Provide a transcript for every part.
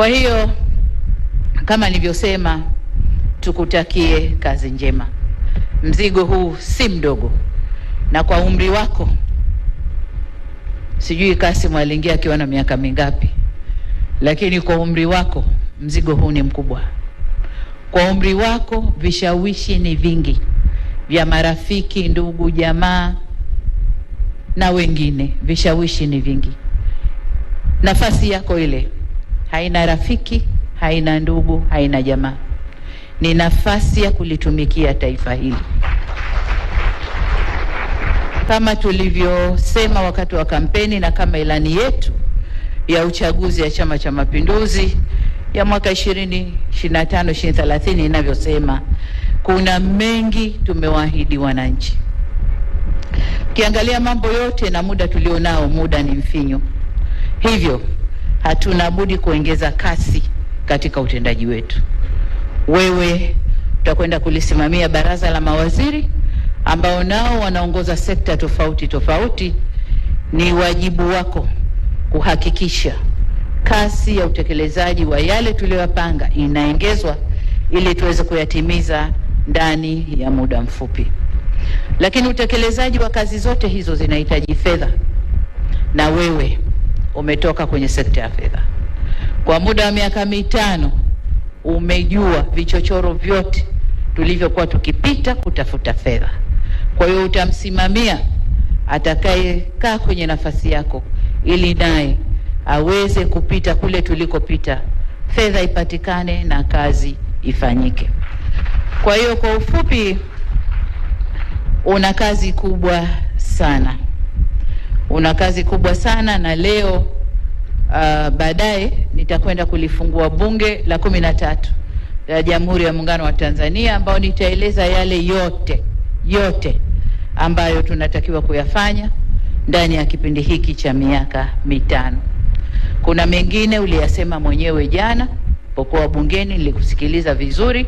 Kwa hiyo kama nilivyosema, tukutakie kazi njema. Mzigo huu si mdogo, na kwa umri wako, sijui Kassim aliingia akiwa na miaka mingapi, lakini kwa umri wako mzigo huu ni mkubwa. Kwa umri wako vishawishi ni vingi vya marafiki, ndugu, jamaa na wengine, vishawishi ni vingi. Nafasi yako ile haina rafiki, haina ndugu, haina jamaa. Ni nafasi ya kulitumikia taifa hili kama tulivyosema wakati wa kampeni na kama ilani yetu ya uchaguzi ya Chama cha Mapinduzi ya mwaka 2025 2030 inavyosema, kuna mengi tumewaahidi wananchi. Ukiangalia mambo yote na muda tulionao, muda ni mfinyo, hivyo hatuna budi kuongeza kasi katika utendaji wetu. Wewe utakwenda kulisimamia baraza la mawaziri ambao nao wanaongoza sekta tofauti tofauti. Ni wajibu wako kuhakikisha kasi ya utekelezaji wa yale tuliyopanga inaongezwa ili tuweze kuyatimiza ndani ya muda mfupi. Lakini utekelezaji wa kazi zote hizo zinahitaji fedha, na wewe umetoka kwenye sekta ya fedha. Kwa muda wa miaka mitano umejua vichochoro vyote tulivyokuwa tukipita kutafuta fedha. Kwa hiyo utamsimamia atakayekaa kwenye nafasi yako ili naye aweze kupita kule tulikopita, fedha ipatikane na kazi ifanyike. Kwa hiyo kwa ufupi, una kazi kubwa sana una kazi kubwa sana, na leo uh, baadaye nitakwenda kulifungua bunge la kumi na tatu la Jamhuri ya Muungano wa Tanzania, ambayo nitaeleza yale yote yote ambayo tunatakiwa kuyafanya ndani ya kipindi hiki cha miaka mitano. Kuna mengine uliyasema mwenyewe jana pokuwa bungeni, nilikusikiliza vizuri,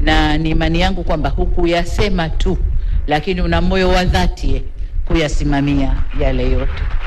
na ni imani yangu kwamba hukuyasema tu, lakini una moyo wa dhati kuyasimamia yale yote.